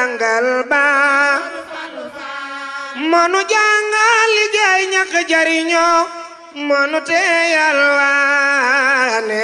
jàngal baa monu liggéey ñàkk jariñoo monu teyal waane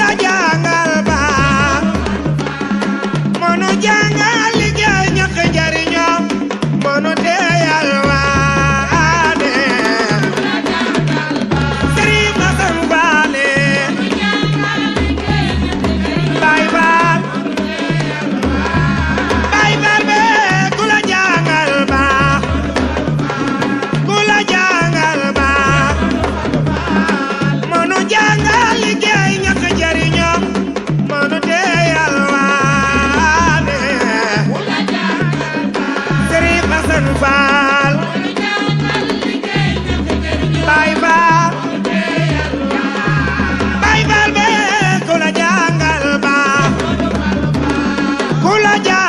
la jàngal ba munu jàng Mula ya